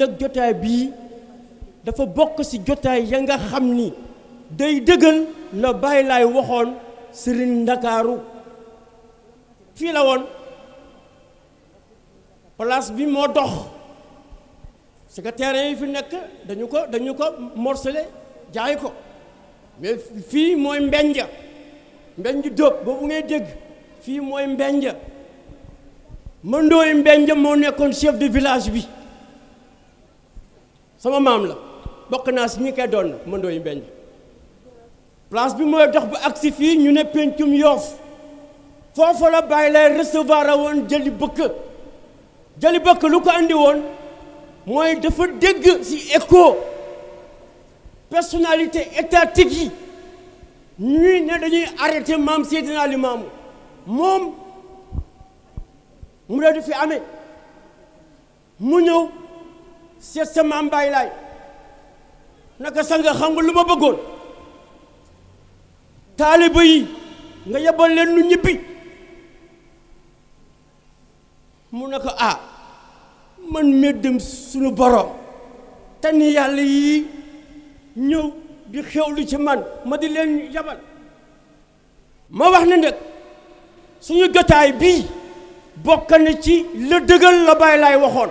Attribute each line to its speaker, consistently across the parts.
Speaker 1: nag jotaay bii dafa bokk ci jotaay ya nga xam ni day dëggal la bàyyi laay waxoon sëriñ ndakaaru fii la woon place bi moo dox secrétaire yi fi nekk dañu ko dañu ko morcelé jaay ko mais fii mooy mbenja mbenj dóob boobu ngay dégg fii mooy mbenja mëndooy mbenja moo nekkoon chef de village bi sama maam la bokk naa si ñi koy doon mëndoo yu mbeñ place bi mooy dox bu aksi fii ñu ne pencum yoof foofu la bàyyi lay recevoir a woon jëli bëkk jëli bëkk lu ko andi woon mooy dafa dégg si écho personnalité étatique yi ñuy ne dañuy arrêté maam Seydina Limaamu moom mu la fi amee mu ñëw seet sa maam Baay Laay naka sa nga xam nga lu ma bëggoon taaliba yi nga yebal leen nu ñibbi mu ne ko ah man mee dem suñu borom te ni yàlla yii ñëw di xewlu ci man ma di leen yabal ma wax ne nag suñu gataay bii bokk na ci la dëggal la Baay Laay waxoon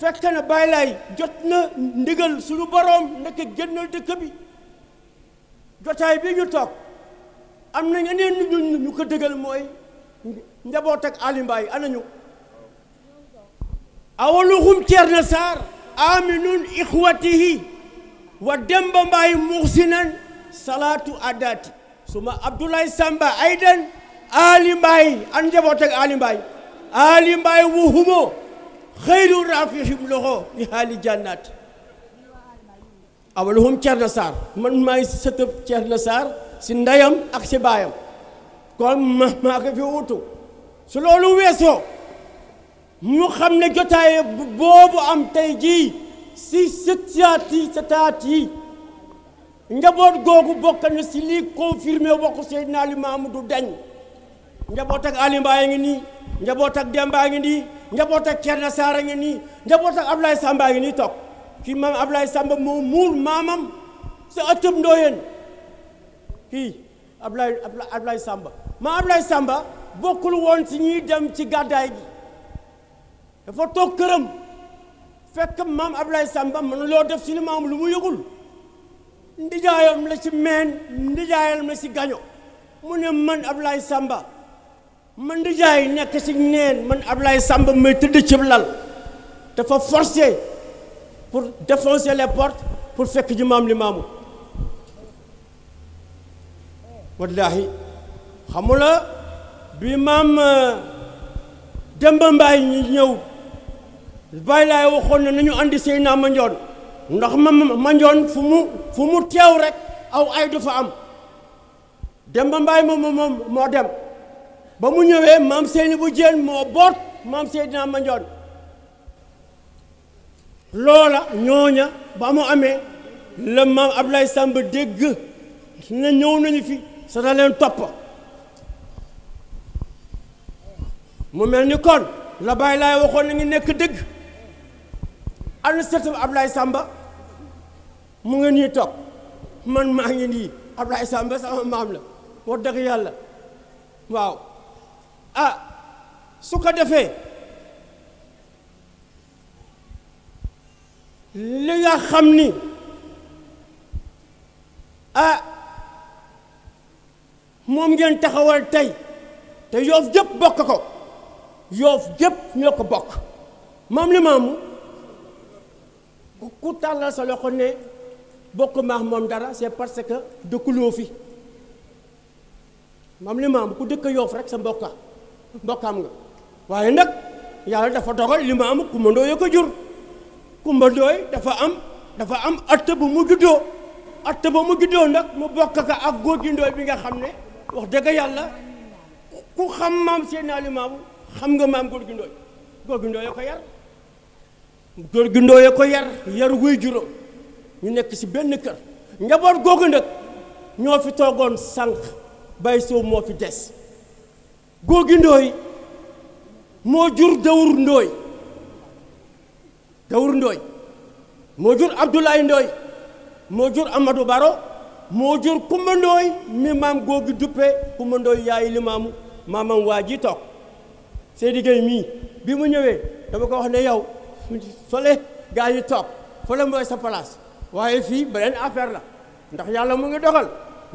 Speaker 1: fekk na bàyyi laay jot na ndigal suñu boroom ndeke génnal dëkk bi jotaay bi ñu toog am na ñeneen ñu ñu ko dëggal mooy njaboot ak alimbaay anañu awaluhum Ceerno Saar aminun ixwatihi wa demba mbaay muxsinan salaatu addaati suma abdoulaye samba aydan alimbaay an njaboot ak alimbaay alimbaay wuhumo خير الرافعه له نهال الجنات اول هم تشار نصار من ما يستب تشار نصار سندايم اكسي بايم كون ما ما في اوتو سلولو ويسو مو خمنا جوتاي بوبو ام تيجي سي ستياتي ستاتي نجابور غوغو بوكن سي لي كونفيرمي بوكو سيدنا الامام دو دنج نجابور علي باي ني njaboot ak Demba ngi nii njaboot ak Cerna Saara ngi nii njaboot ak Ablaye Samba ngi nii toog kii maam Ablaye Samba moo muur maamam sa ëttëb ndooyeen kii Ablaye Ablaye Samba maam Ablaye Samba bokkul woon ci ñuy dem ci gàddaay gi dafa toog këram fekk maam Ablaye Samba mën loo def ci li lu mu yëgul ndijaayam la ci meen ndijaayam la ci gaño mu ne man Ablaye Samba man di jaay nekk ci neen man Ablaye Samba may tëdd ci lal dafa forcer pour défoncer les portes pour fekk ji maam li maamu wallaahi xamula bi maam euh, Demba Mbaay ñu ñëw Baay Laay waxoon na nañu andi sëy naa Mandione ndax ma Mandione fu mu fu mu teew rek aw ay du am Demba Mbaay moom moom moo dem ba mu ñëwee maam seeni bu jën moo boot maam Seydina Mandione loola ñooña ba mu amee la maam Ablaye Samb dégg ne ñëw nañu fi sa da leen topp mu mel ni kon la bàyyi laay waxoon na ngi nekk dëgg ana sëtam Ablaye Samba mu nga nii toog man maa ngi nii Ablaye sàmba sama maam la wax dëgg yàlla waaw ah su ko defee li nga xam ni ah moom ngeen taxawal tey te yoof jëpp bokk ko yoof jëpp ñoo ko bokk maam li maamu ku tàllal sa loxo bokk maax moom dara c'est parce que dëkkuloo fi maam li maamu ku dëkk yoof rek sa mbokka bokkaam nga waaye nag yàlla dafa dogal li ma am kumbandoo ya ko jur kumbandooy dafa am dafa am atte bu mu juddoo atte ba mu juddoo nag mu bokk ka ak góorgindooy bi nga xam ne wax dëgg yàlla ku xam maam seen alimaamu xam nga maam góorgindooy góorgindooy ya ko yar góorgindooy ya ko yar yar wuy juróom ñu nekk si benn kër njaboot googu nag ñoo fi toogoon sànq bay soo moo fi des góogi ndooy moo jur dawur ndooy dawur ndooy moo jur abdoulaye ndooy moo jur amadou baro moo jur kumba ndooy mi maam góogi duppe kumba ndooy yaay limaamu maamam waa ji toog Seydi Gueye mii bi mu ñëwee dama ko wax ne yow fële gaa yi toog fële mooy sa place waaye fii beneen affaire la ndax yàlla mu ngi dogal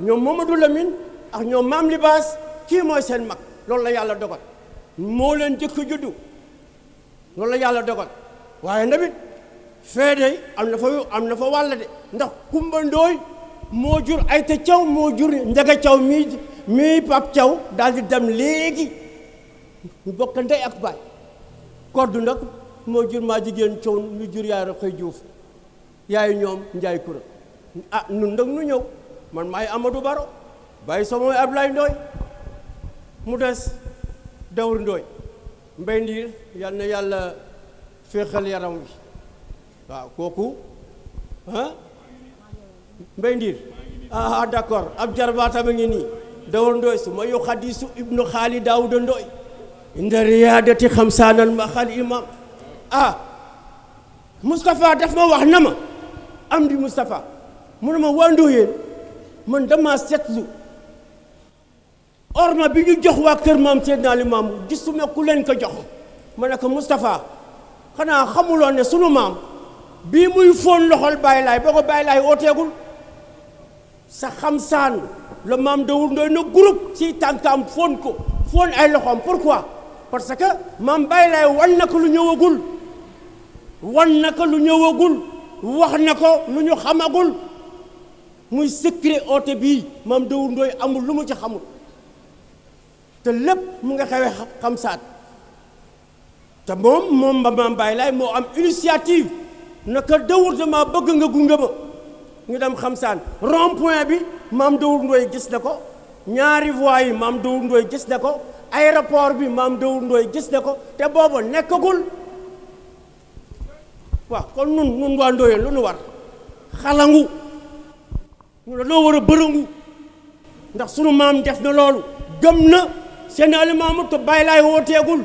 Speaker 1: ñoom Mamadou Lamine ak ñoom maam libaas kii seen mag loolu la yàlla dogal moo leen jëkk juddu loolu la yàlla dogal waaye ndamit fee de am na fa am na fa wàll de ndax kumba ndooy moo jur ay te caw moo jur njaga caw mii mii pap caw daal di dem léegi ñu bokk ndey ak baay koddu nag moo jur maa jigéen caw ñu jur yaay ra koy juuf yaay ñoom njaay kura ah nun nag nu ñëw man maay Amadou Baro bàyyi sama mooy Ablaye Ndooy mu des Daour ndooy Mbaye Ndiir yal yàlla féexal yaram wi waaw kooku ah Mbaye Ndiir ah d'accord ab jarbaatam a ngi nii Daour Ndoye su ma yu xadiisu ibnu xaali Daawuda Ndoye inda riyaadati xam ma xal imam ah Moustapha daf ma wax na ma am di Moustapha mu ne ma waa Ndoyeen man dama seetlu orma bi ñu jox waa kër maam Seydina Limaamu gisuma ku leen ko jox ma ne ko Moustapha xanaa xamuloo ne sunu maam bii muy foon loxol Baye Laay boo ko Baye Laay ooteegul sa xamsaan la maam Dawur Ndoy na groupe si tànkaam foon ko foon ay loxoom pourquoi parce que maam Baye Laay wan na ko lu ñëwagul wan na ko lu ñëwagul wax na ko lu ñu xamagul muy secret oote bii maam Dawur Ndoy amul lu mu ci xamul. te lépp mu nga xewee xam saat te moom moom Maam Baay Laay moo am initiative naka dawur dama bëgg nga gunge ma dem xam saan bi maam Dawur Ndoye gis na ko ñaari voies yi maam Dawur Ndoye gis na ko aéroport bi maam Dawur Ndoye gis na ko te booba nekkagul waaw kon nun nun waa Ndoye lu nu war xalangu ñu ne loo war bërëngu ndax sunu maam def na loolu gëm na seen alimaamu to bàyyi laay wooteegul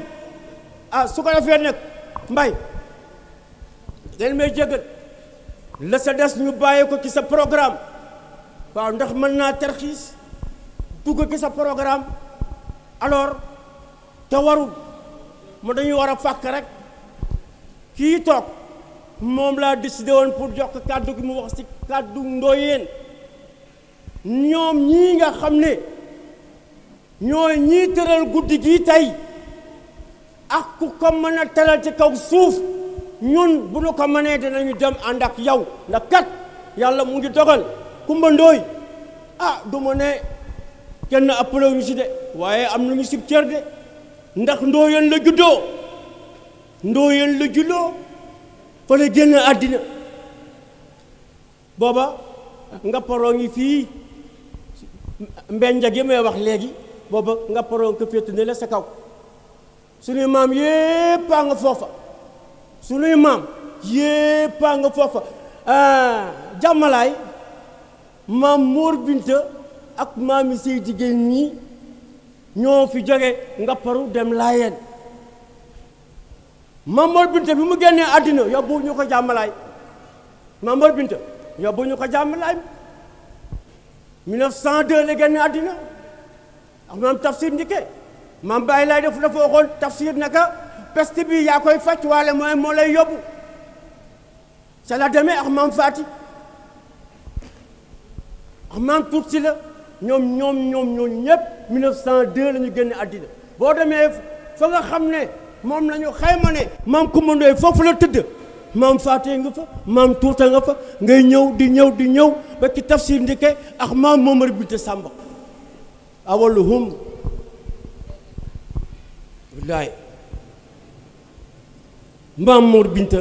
Speaker 1: ah su ko defee nag mbay ngeen may jégal la sa des ñu bàyyi ko ci sa programme waaw ndax mën naa tarxiis dugg ci sa programme alors te warul mu dañuy war a fàkk rek kii toog moom laa décidé woon pour jox kàddu gi mu wax ci kàddu ndooyeen ñoom ñii nga xam ne ñooy ñii tëral guddi gii tey ak ku ko mën a tëral ci kaw suuf ñun bu nu ko mënee dinañu dem ànd ak yow ndax kat yàlla mu ngi dogal kumba ndooy ah du ma ne kenn appalewu ñu si de waaye am nañu sib cër de ndax ndooyeen la juddoo ndooyeen la julloo fa la génn àddina booba nga poroo ngi fii mbenja gi may wax léegi booba nga paroon ko féete ne la sa kaw suñuy maam yépp a nga foofa suñuy maam yépp a nga foofa ah, jàmmalaay maam Mor Binta ak maam yi say jigéen ñi ñoo fi jóge nga paru dem laayeen maam Mor Binta bi mu génnee àddina yóbbu ñu ko jàmmalaay maam Mor Binta yóbbu ñu ko jàmmalaay 1902 la génne àddina ndax tafsir ndike mam bàyyi laay def dafa waxoon tafsir naka peste bi koy moy lay la ak mam la ñom ñom ñom ñep 1902 la genn adina bo fa nga ne lañu la mam la nga fa mam tourta nga fa ngay ñew di ñew di ñew ba ci tafsir ndike ak Momar Samba أولهم والله مأمور بنت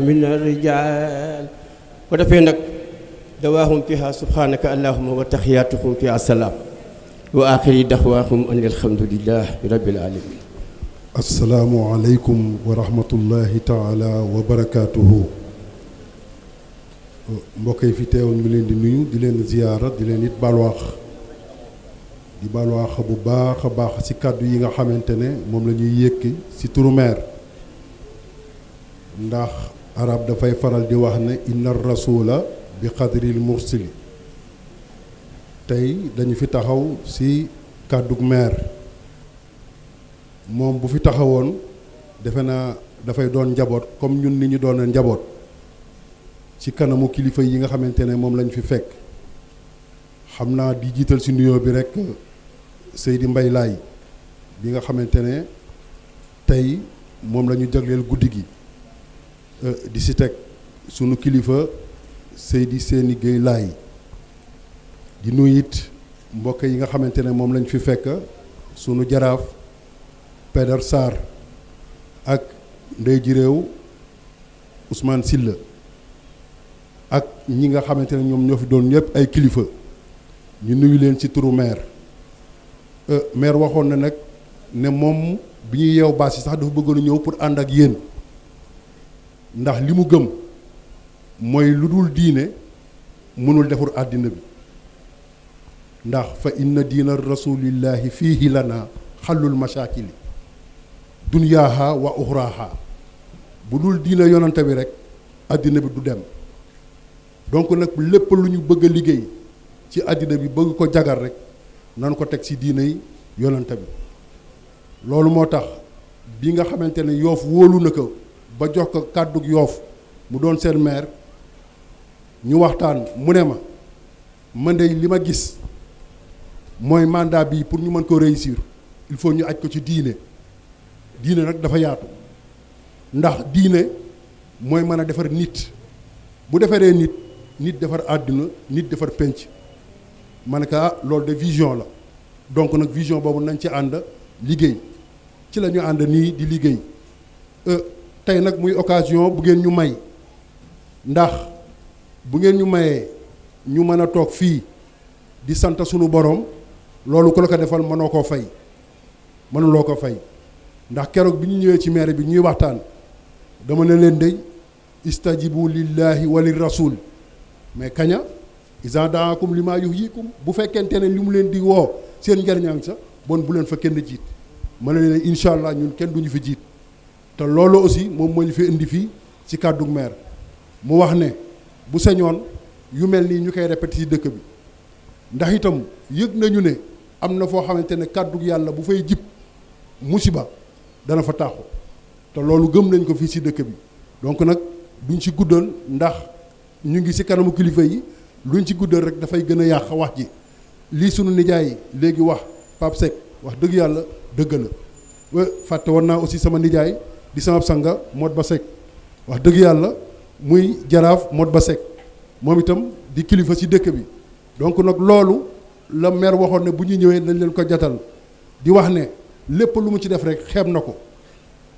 Speaker 1: من الرجال ودفينك دواهم فيها سبحانك اللهم وتحياتهم فيها السلام وآخر دخواهم أن الحمد لله رب العالمين
Speaker 2: السلام عليكم ورحمة الله تعالى وبركاته mbokk yi fi teewoon mi leen di nuyu di leen ziyaara di leen it balwaax di balwaax bu baax a baax ci kàddu yi nga xamante ne moom la ñuy yëkki ci turu maire ndax arab dafay faral di wax ne inna rasula bi xadril mursili tey dañu fi taxaw ci kàddug maire moom bu fi taxawoon defe naa dafay doon njaboot comme ñun ni ñu doon njaboot ci kanamu kilifa yi nga xamante ne moom lañu fi fekk xam naa di jiital ci nuyoo bi rek Seydi Mbaye Laay bi nga xamante ne tey moom lañu ñu jagleel guddi gi euh, di si teg sunu kilifa Seydi seeni Gueye Laay di nuy it mbokk yi nga xamante ne moom lañu fi fekk sunu jaraaf Pédar Sarr ak ndey ji réew usmaan Silla ak ñi nga xamante ne ñoom ñoo fi doon ñëpp ay kilifa ñu nuyu leen ci turu maire maire waxoon na nag ne moom bi ñuy yeew baas yi sax dafa bëggoon ñëw pour ànd ak yéen ndax li gëm mooy lu diine mënul defar àddina bi ndax fa inna diina rasulillahi fiihi lana xallul masaakili dunyaaha wa uxraaha bu dul yonante bi rek àddina bi du dem donc nag lépp lu ñu bëgg a liggéey ci àddina bi bëgg ko jagar rek nan ko teg ci diine yi yonante bi loolu moo tax bi nga xamante ne yoof wóolu na ko ba jox ko kàddug yoof mu doon seen maire ñu waxtaan mu ne ma man de li ma gis mooy mandat bii pour ñu mën ko réussir il faut ñu aj ko ci diine diine nag dafa yaatu ndax diine mooy mën a defar nit bu defaree nit nit defar àdduna nit defar pénc ma ne ah loolu de vision la donc nag vision boobu nañ ci ànd liggéey ci la ñu ànd nii di liggéey euh, tey nag muy occasion bu ngeen ñu may ndax bu ngeen ñu mayee ñu mën a toog fii di sant sunu borom loolu ku la ko defal mënoo koo fay mënuloo ko fay ndax keroog bi ñu ñëwee ci maire bi ñuy waxtaan dama ne leen dey istajibu lillahi wa lirrasul mais kaña isan daakum li maa yux yikum bu fekkente ne li mu leen di woo seen njariñam sa bon bu leen fa kenn jiit mën na leen incha allah ñun kenn duñu fi jiit te loolu aussi moom moo ñu fi indi fii ci kàddu maire mu wax ne bu sañoon yu mel nii ñu koy répété ci dëkk bi ndax itam yëg nañu ne am na foo xamante ne kàddu yàlla bu fay jib musiba dana fa taaxu te loolu gëm nañ ko fii ci dëkk bi donk nag duñ ci guddoon ndax ñu ngi ci kanamu kilifa yi luñ ci guddal rek dafay gën a yàq wax ji lii sunu nijaay yi léegi wax Pape Seck wax dëgg yàlla dëgg la fàtte woon naa aussi sama nijaay di sama sanga Modou Ba Seck wax dëgg yàlla muy jaraaf Modou Ba Seck moom itam di kilifa ci dëkk bi donc nag loolu la maire waxoon ne bu ñu ñëwee dañ leen ko jatal di wax ne lépp lu mu ci def rek xeeb na ko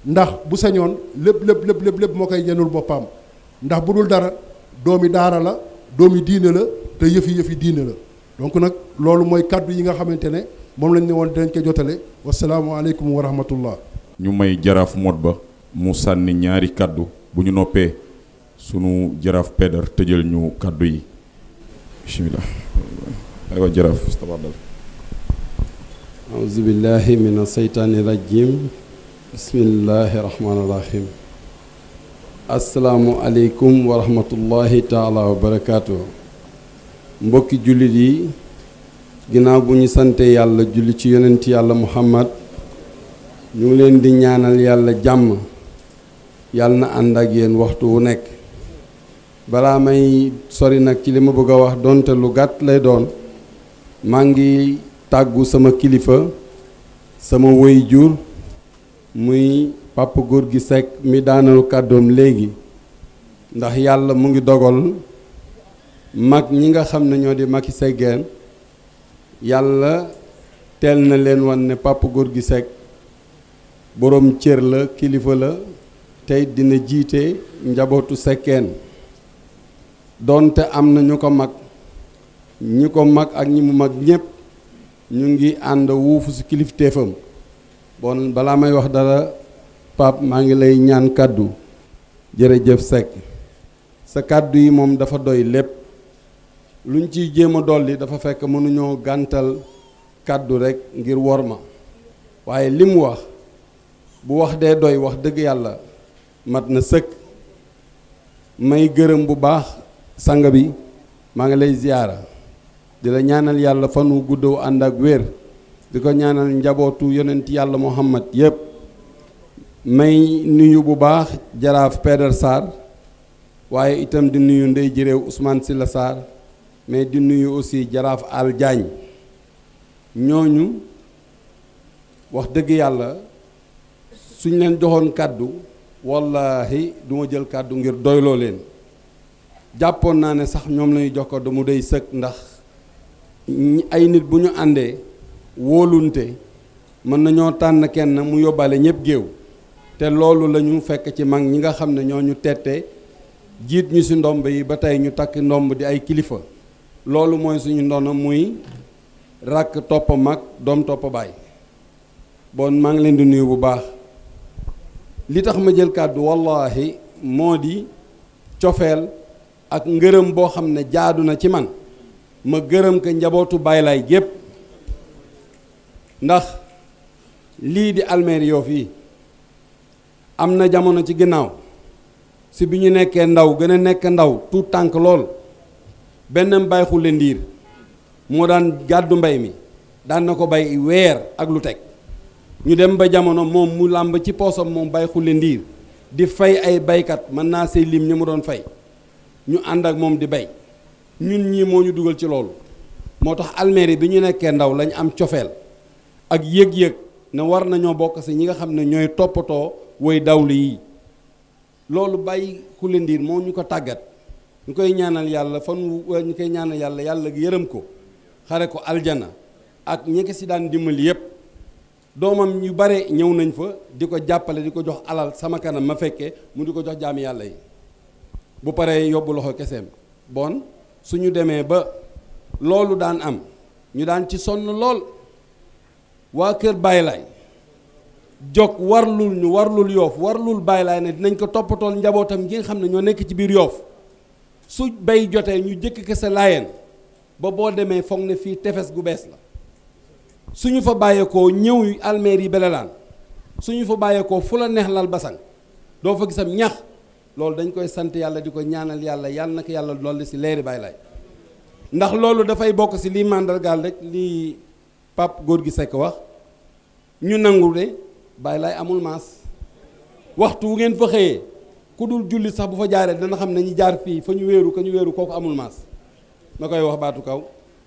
Speaker 2: ndax bu sañoon lépp lépp lépp lépp lépp moo koy yenul boppam ndax bu dul dara doomi daara la doomi diine la te yëfi yëfi diine la donc nag loolu mooy kàddu yi nga xamante ne moom lañ ne woon dinañ ko jotale wasalaamualeykum wa rahmatullah
Speaker 3: ñu may jaraaf mot ba mu sànni ñaari kàddu bu ñu noppee sunu jaraaf Pédar tëjal ñu kàddu yi bismillah aywa jaraaf tabaddal auzu billahi min aseytaani bismillahi rahmaani rahim asalaamualeykum wa rahmatullahi taala wa barakaatu. mbokki jullit yi ginnaaw bu ñu sante yàlla jullit ci yonent yàlla muhammad ñu ngi leen di ñaanal yàlla jàmm yàlla na ànd ak yéen waxtu wu nekk balaa may sori nag ci li ma bëgg a wax donte lu gàtt lay doon maa ngi tàggu sama kilifa sama wëy muy góor gi Seck mi daanal kàddoom léegi ndax yàlla mu ngi dogal mag ñi nga xam ne ñoo di Macky Séggeen yàlla teel na leen wan ne góor gi Seck boroom cër la kilifa la tey dina jiite njabootu Séggeen doonte am na ñu ko mag ñi ko mag ak ñi mu mag ñépp ñu ngi ànd wuufu si kilifteefam bon balaa may wax dara pap ma ngi lay ñaan jere jef sek sa kaddu yi mom dafa doy lepp luñ ci jema doli dafa fekk ñoo gantal kaddu rek ngir worma waye lim wax bu wax de doy wax deug yalla mat na sëkk may gërëm bu baax sanga bi ma ngi lay ziyara di la ñaanal yalla fanu guddou andak wër diko ñaanal njabootu yonent yalla Muhammad yépp may nuyu bu baax jaraaf Peder Sarr waaye itam di nuyu ndey jëréew Ousmane Sylla Sarr mais di nuyu aussi jaraaf Al Diagne ñooñu wax dëgg yàlla suñ leen joxoon kàddu wallahi duma jël kàddu ngir doyloo leen jàppoon naa ne sax ñoom lañuy jox ko du mu dey sëkk ndax ay nit bu ñu àndee woolunte mën nañoo tànn kenn mu yóbbaale ñépp géew te loolu la ñu fekk ci mag ñi nga xam ne ñoo ñu tette jiit ñu si ndomb yi ba tey ñu takk ndomb di ay kilifa loolu mooy suñu ndono muy rakk topp mag doom topp bon maa ngi leen di nuyu bu baax li tax ma jël kàddu wallaahi moo di cofeel ak ngërëm boo xam ne jaadu na ci man ma gërëm ko njabootu baay laay gépp ndax lii di almeeri Yoff yi am na jamono ci ginnaaw si bi ñu nekkee ndaw gën a nekk ndaw tuut tànk lool benn bay xulle ndiir moo daan gàddu mbay mi daan na ko bay weer ak lu teg ñu dem ba jamono moom mu làmb ci poosam moom bay xulle ndiir di fay ay baykat mën naa say lim ñu mu doon fay ñu ànd ak moom di bay ñun ñii moo ñu dugal ci loolu moo tax almeeri bi ñu nekkee ndaw lañ am cofeel ak yëg-yëg ne war nañoo bokk si ñi nga xam ne ñooy toppatoo woy dawlu yi loolu bàyyi Khoule Ndir moo ñu ko tàggat ñu koy ñaanal yàlla fan euh, ñu koy ñaanal yàlla yàlla yërëm ko xare ko aljana ak ñi ko si daan dimbali yépp doomam ñu bare ñëw nañ fa di ko jàppale di ko jox alal sama kanam ma fekkee mu di ko jox jaami yàlla yi bu paree yóbbu loxo keseem bon su ñu demee ba loolu daan am ñu daan ci sonn lool waa kër Baye Laye jog warlul ñu warlul yoof warlul Baye Laye ne dinañ ko toppatool njabootam ngi xam ne ñoo nekk ci biir yoof su bay jotee ñu jëkk kese sa ba boo demee foog ne fii tefes gu bees la suñu fa bàyyeekoo ñëw almeer yi belelaan suñu fa bàyyeekoo fu la neex lal basan doo fa gisam ñax loolu dañ koy sant yàlla di ko ñaanal yàlla yàlla na yàlla loolu si leeri Baye Laye ndax loolu dafay bokk si lii màndargaal rek Pape góor gi Seck wax ñu nangu de Baay Laay amul maas waxtu wu ngeen fa xëyee ku dul julli sax bu fa jaaree dana xam ne ñu jaar fii fa ñu wéeru ka ñu wéeru kooku amul maas ma koy wax baatu kaw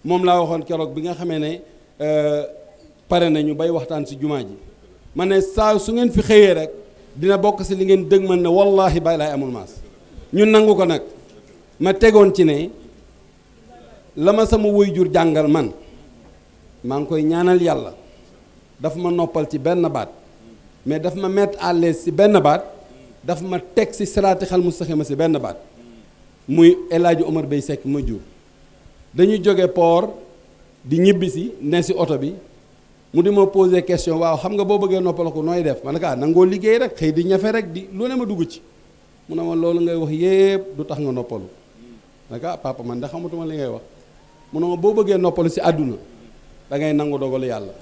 Speaker 3: moom laa waxoon keroog bi nga xamee ne euh, pare nañu bay waxtaan si jumaa ji ma ne saa su ngeen fi xëyee rek dina bokk si li ngeen dëgmal ne wallaahi Baay Laay amul maas ñu nangu ko nag ma tegoon ci ne la ma sama jur jàngal man maa ngi koy ñaanal yàlla daf ma noppal ci benn baat mais daf ma mettre à l'aise si benn baat daf ma teg si salaati xal mustaxima si benn baat muy El Hadji Omar Bey ma jur dañu jóge poor di ñibbi si ne si oto bi mu di ma poser question waaw xam nga boo bëggee noppal ko nooy def ma ne ah, nangoo liggéey rek xëy di ñafe rek di lu ne ma dugg ci mun ne ma loolu ngay wax yépp du tax nga noppalu ma ah, man de xamatuma li ngay wax mu ne ma boo bëggee noppalu si àdduna da ngay nangu dogalu yàlla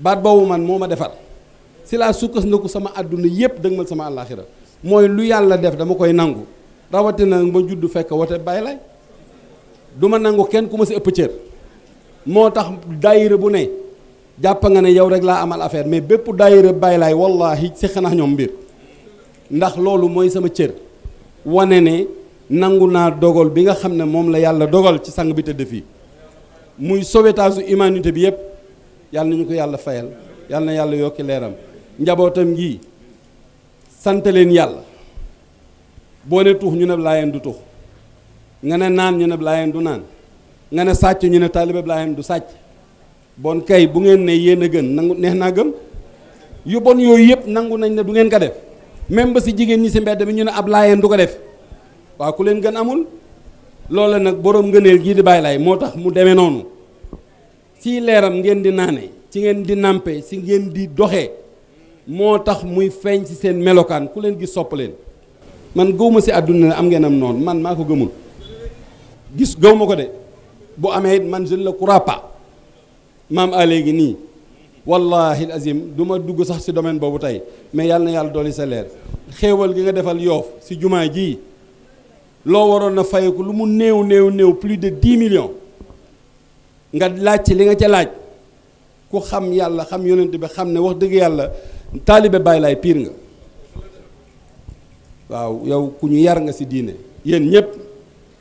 Speaker 3: baat boobu man moo ma defar si laa sukkandiku sama àdduna yépp dëgmal sama àllaaxira mooy lu yàlla def dama koy nangu rawatina ma juddu fekk wote bàyyi lay du ma nangu kenn ku ma si ëpp cër moo tax daayira bu ne jàpp nga ne yow rek laa amal affaire mais bépp daayira bàyyi laay wallaahi séq naa ñoom mbir ndax loolu mooy sama cër wane ne nangu naa dogal bi nga xam ne moom la yàlla dogal ci sang bi tëdd fii muy sauvetage u bi yëpp yàlla na ñu ko yàlla fayal yàlla na yàlla yokki leeram njabootam gi sant leen yàlla boo ne tuux ñu ne laayeen du tuux nga ne naan ñu ne laayeen du naan nga ne sàcc ñu ne taalibe laayeen du sàcc bon kay bu ngeen ne yéen a gën nangu neex naa gëm yu bon yooyu yëpp nangu nañ ne du ngeen ko def même ba si jigéen ñi si mbedd bi ñu ne ab laayeen du ko def waaw ku leen gën amul loola nag boroom ngëneel gii di bàyyi laay moo tax mu demee noonu ci leeram ngeen di naane ci ngeen di nàmpe ci ngeen di doxee moo tax muy feeñ si seen melokaan ku leen gis sopp leen man gëwma si àdduna ne am ngeen am noonu man maa ko gëmul gis gëw ko de bu amee it man je ne le crois pas maam a léegi nii wallahi azim du ma dugg sax ci domaine boobu tey mais yàlla na yàlla dolli sa leer xéewal gi nga defal yoof ci jumaa ji loo waroon na fayeku lu mu néew néew néew plus de dix millions nga laaj ci li nga ca laaj ku xam yàlla xam yonent bi xam ne wax dëgg yàlla taalibe Baay lay piir nga waaw yow ku ñu yar nga si diine yéen ñépp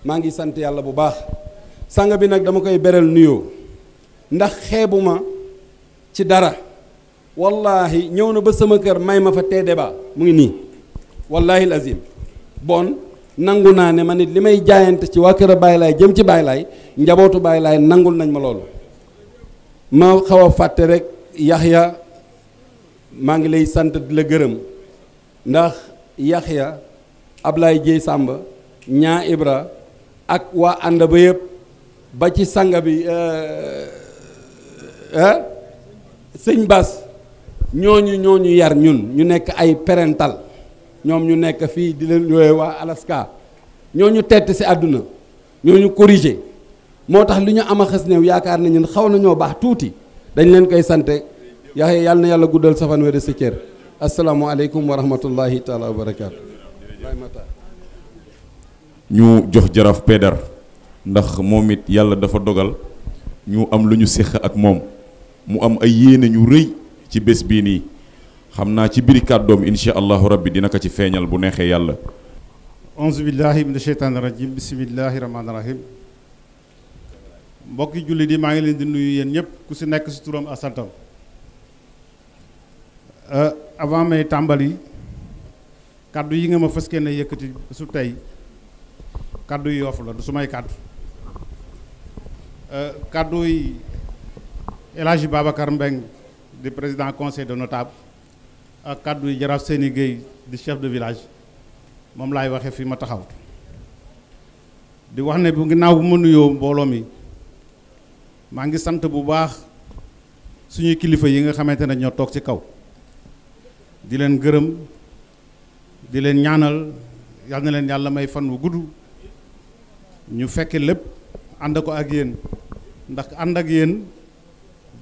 Speaker 3: maa ngi sant yàlla bu baax sang bi nag dama koy beral nuyoo ndax xeebuma ci dara wallaahi ñëw na ba sama kër may ma fa tee ba mu ngi nii wallaahi azim bon nangu naa ne ma nit li may jaayante ci waa kër a Baay Laay jëm ci Baay Laay njabootu Baay Laay nangul nañ ma loolu ma xaw a fàtte rek Yaxya maa ngi lay sant di la gërëm ndax Yaxya laay Dieye sàmba ñaa Ibra ak waa ànd ba yëpp ba ci sanga bi eh, eh, sëñ Bas ñooñu ñu yar ñun ñu nekk ay parental ñoom ñu nekk fii di leen yooye waa Alaska ñoo ñu tett si àdduna ñoo ñu corrigé moo tax li ñu am a xës néew yaakaar na ñun xaw nañoo baax tuuti dañ leen koy sante yaxe yàlla na yàlla guddal sa fan wér sa cër asalaamualeykum wa rahmatullahi taala wa barakaatu ñu jox jaraaf peedar ndax moom it yàlla dafa dogal ñu am lu ñu séq ak moom mu am ay yéene ñu rëy ci bés bii nii xam naa ci biir kàddoom insha allahu rabbi dina ko ci feeñal bu neexee yàlla
Speaker 4: auzu billahi mina sheytaani rajim bismillahi rahmaani rahim mbokki julli di maa ngi leen di nuyu yéen ñëpp ku si nekk si turam asantam euh, avant may tàmbali kàddu yi nga ma fëskee ne yëkkati su tey kàddu yi yoofu la du su may kàddu euh, kàddu yi El Hadji Babacar Mbeng di président conseil de notable ak kàddu yi jaraaf seeni géey di chef de village moom laay waxee fi ma taxaw di wax ne bu ngi naaw bu ma nuyoo mbooloo mi maa ngi sant bu baax suñuy kilifa yi nga xamante ne ñoo toog ci kaw di leen gërëm di leen ñaanal yal na leen yàlla may fan wu gudd ñu fekke lépp ànd ko ak yéen ndax ànd ak yéen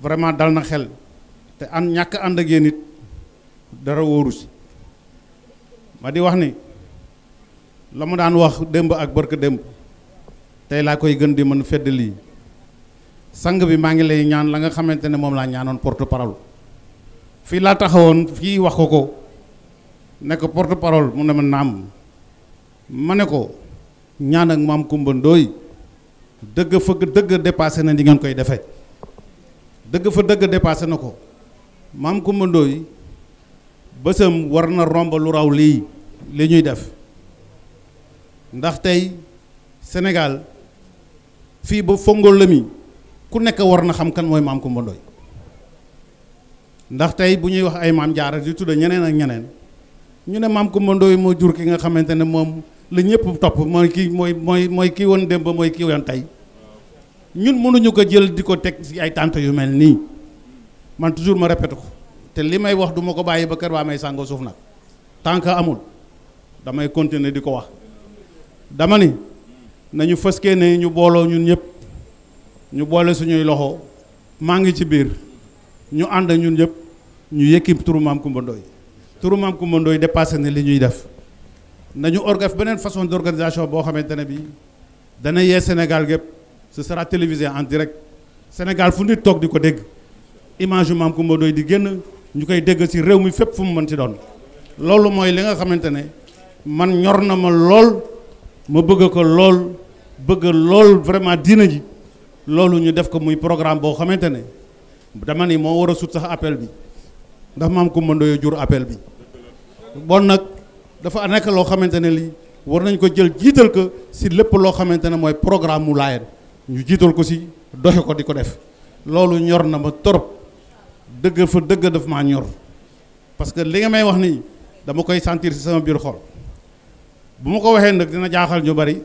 Speaker 4: vraiment dal na xel te ànd ñàkk ànd ak yéen it dara wóoru si ma di wax ni lamu mu daan wax demb ak barke demb tay la koy gën di mën feddali sang bi ma ngi lay ñaan la nga xamantene mom la ñaanon porte parole fi la taxawon fi wax ko ko ne ko porte parole mu ne man nam mané ko ñaan ak mam Kumba ndoy deug fa deug dépasser na di ngeen koy defé deug fa deug dépasser nako mam Kumba ndoy bësam war na romb lu raw lii li ñuy def ndax tey Sénégal fii ba fongol la mi ku nekk war na xam kan mooy maam Coumba Ndoye ndax tey bu ñuy wax ay maam jaara di tudda ñeneen ak ñeneen ñu ne maam Coumba Ndoye moo jur ki nga xamante ne moom la ñëpp topp mooy kii mooy mooy mooy kii woon démb mooy kii woon tey ñun mënuñu ko jël di ko teg ci ay tànt yu mel nii man toujours ma répété ko te li may wax duma ko bàyyi ba kër baa may sàngoo suuf nag tant que amul damay continuer di ko wax dama ni nañu fëskee ne ñu booloo ñun ñëpp ñu boole suñuy loxo maa ngi ci biir ñu ànd ñun ñëpp ñu yëkki turu maam Kumba Ndoye turu maam Kumba Ndoye dépassé na li ñuy def nañu orgaf beneen façon d'organisation boo xamante ne bi dana yee Sénégal gépp ce sera télévisé en direct Sénégal fu nit toog di ko dégg image yu maam Kumba di génn ñu koy dégg ci réew mi fépp fu mu mën ci doon loolu mooy li nga xamante ne man ñor na ma lool ma bëgg ko lool bëgg lool vraiment diina ji loolu ñu def ko muy programme boo xamante ne dama ni moo war a sut sax appel bi ndax maam ko mëndooyo jur appel bi bon nag dafa nekk loo xamante li war nañ ko jël jiital ko si lépp loo xamante ne mooy programme mu laayeen ñu jiital ko si doxe ko di ko def loolu ñor ma torop dëgg fa dëgg dafa ma ñor parce que li nga may wax nii dama koy sentir si sama biir xol bu ma ko waxee nag dina jaaxal ñu bari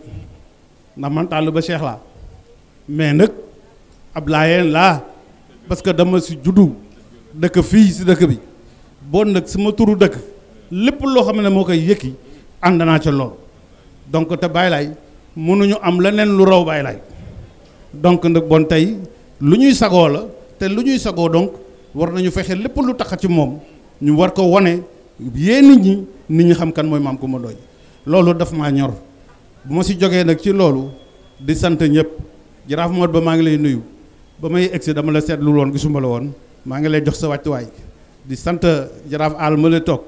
Speaker 4: ndax man tàll ba Cheikh laa mais nag ab laayeen laa parce que dama ci juddu dëkk fii ci dëkk bi bon nag sama turu dëkk lépp loo xam ne moo koy yëkki ànd naa ca lool donc te Baye Laye mënuñu am leneen lu raw Baye Laye donc nag bon tey lu ñuy sagoo la te lu ñuy sagoo donc. war nañu fexe lépp lu tax ci moom ñu war ko wane yee ñi nit ñi xam kan mooy Mame ma Ndoye loolu dafa maa ñor bu ma si jógee nag ci loolu di sant ñëpp jaraaf Modou ba maa ngi lay nuyu ba may egsi dama la seetlu woon gisuma la woon maa ngi lay jox sa wàccuwaay di sant jaraaf àll ma la toog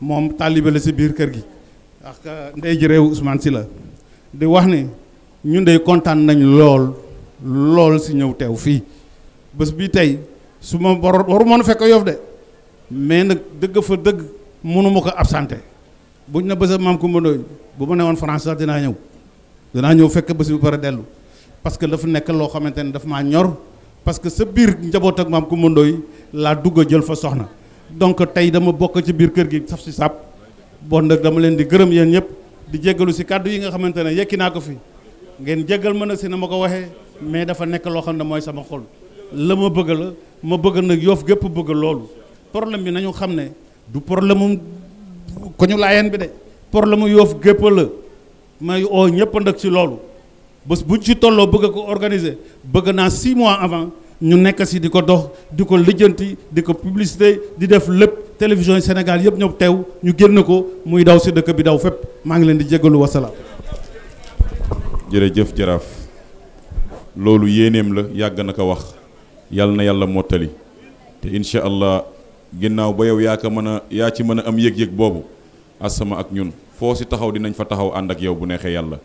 Speaker 4: moom taalibe la si biir kër gi ak ndey ji réew Ousmane si la di wax ni ñu dey kontaan nañ lool lool si ñëw teew fii bés bi tey su ma war waru ma fekk Yoff de mais nag dëgg fa dëgg mënuma ko absenté buñ na bësa maam Coumba Ndoye bu ma ne woon France dinaa ñëw dinaa ñëw fekk bés bu pare dellu parce que dafa nekk loo xamante ne daf maa ñor parce que sa biir njaboot ak maam Coumba Ndoye laa dugg a jël fa soxna donc tey dama bokk ci biir kër gi saf si sàpp bon nag dama leen di gërëm yéen ñëpp di jéggalu si kàddu yi nga xamante ne yekki naa ko fi ngeen jéggal mën a si na ma ko waxee mais dafa nekk loo xam ne mooy sama xol la ma bëgg la ma bëgg nag yoof gépp bëgg loolu problème bi nañu xam ne du problème ko ñu laayeen bi de problème mu yoof gépp la may oo ñëpp nag ci loolu bés buñ ci tolloo bëgg ko organiser bëgg naa six mois avant ñu nekk si di ko dox di ko lijjanti di ko publicité di def lépp télévision yi Sénégal yëpp ñëw teew ñu génn ko muy daw si dëkk bi daw fépp maa ngi leen di jégalu wasalaam.
Speaker 3: jërëjëf jaraaf loolu yéeneem la yàgg na ko wax. yàlla na yàlla mottali te incha allah ginnaaw ba yow yaa ko mën a yaa ci mën a am yëg-yëg boobu asama ak ñun foo si taxaw dinañ fa taxaw ànd ak yow bu neexee yàlla.